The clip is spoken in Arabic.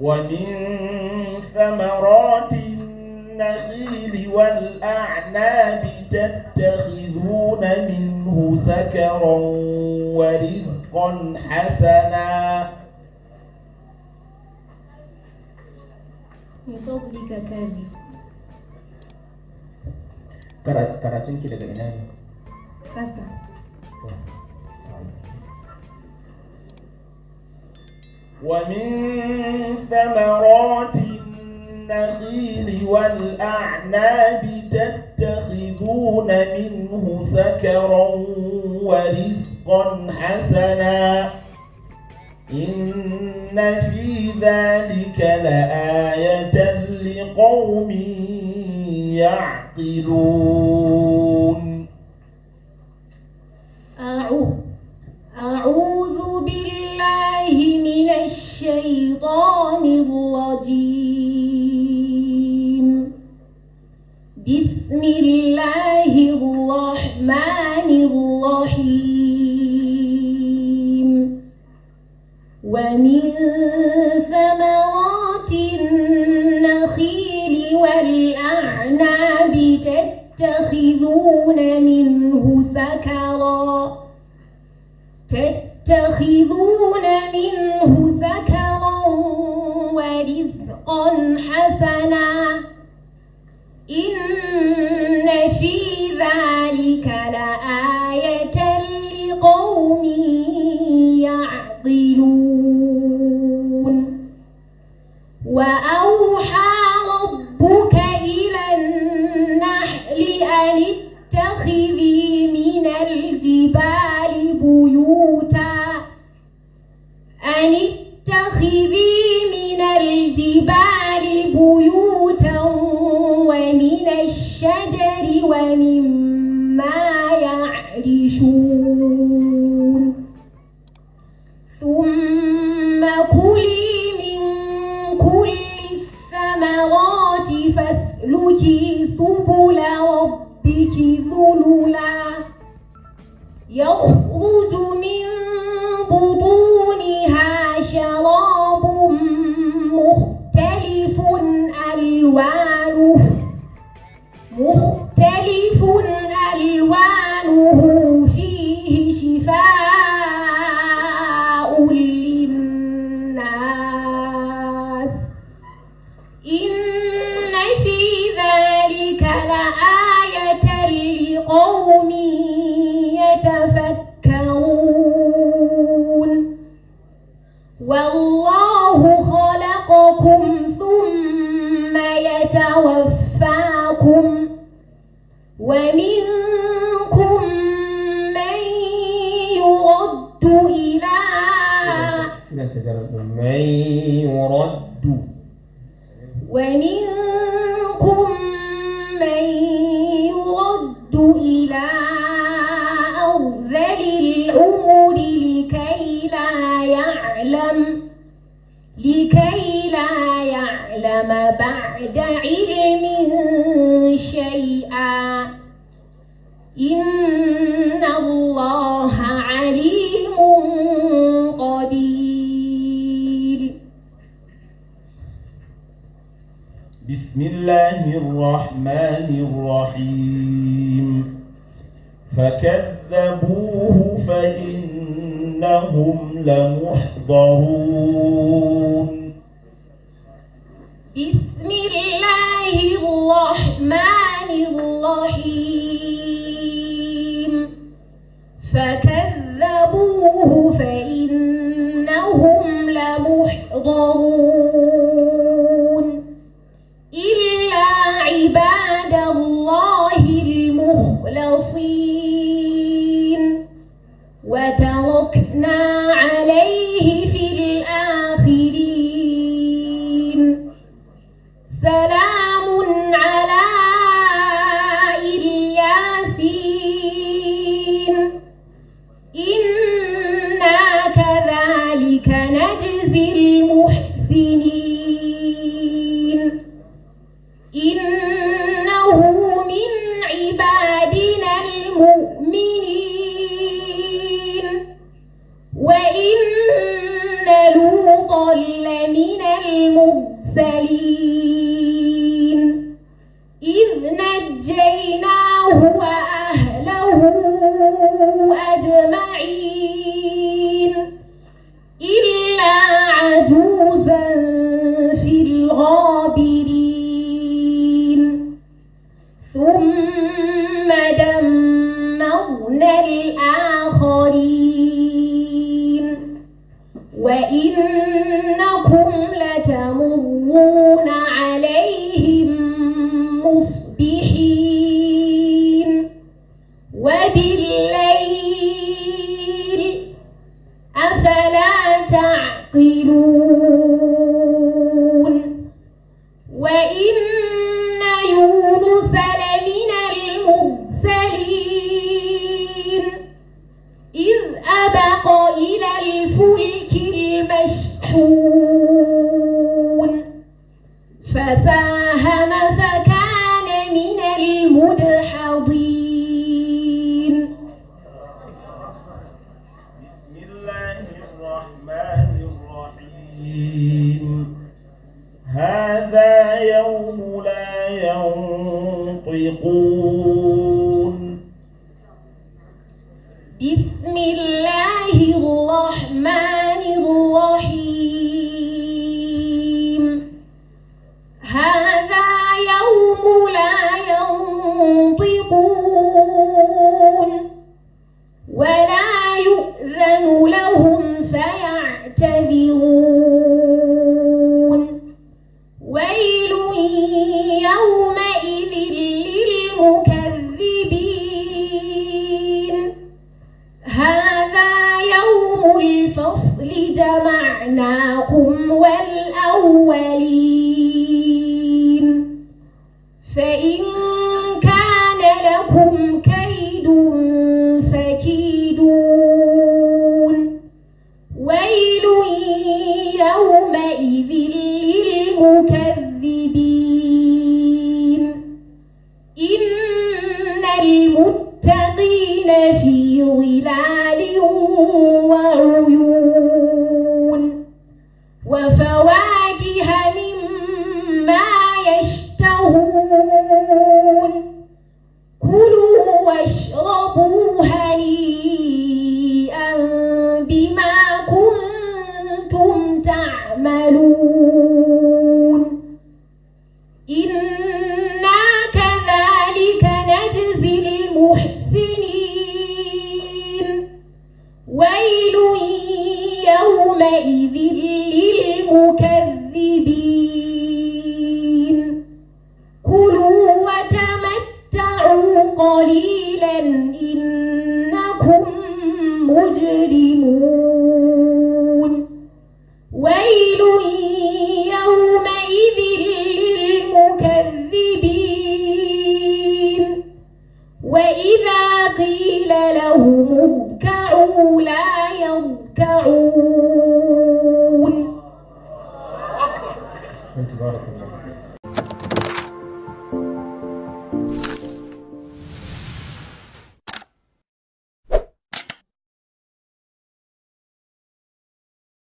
ومن ثمرات النخيل والأعناب تتخذون منه سكرا ورزقا حسنا من فضلك كامل karatun ki تنكي لك ne? Kasa. ومن ثمرات النخيل والأعناب تتخذون منه سكرا ورزقا حسنا إن في ذلك لآية لقوم يعقلون بسم الله الرحمن الرحيم ومن ثمرات النخيل والأعناب تتخذون منه سكرا تتخذون منه سكرا ورزقا حسنا إن في ذلك لآية لقوم يعقلون وأوحى ربك إلى النحل أن اتخذي من الجبال anymore. من يرد ومنكم من يرد إلى أرذل الأمور لكي لا يعلم لكي لا يعلم بعد علم شيئا إن بسم الله الرحمن الرحيم فكذبوه فإنهم لمحضرون بسم الله الرحمن الرحيم else المرسلين إذ نجيناه وأهله أجمعين إلا عجوزا في الغابرين ثم دمرنا الآخرين وإن 一路。هذا يوم لا ينطقون بسم الله الرحمن جمعناكم والأولين فإن كان لكم كيد فكيدون ويل يومئذ للمكذبين إن المتقين ഇവിൽ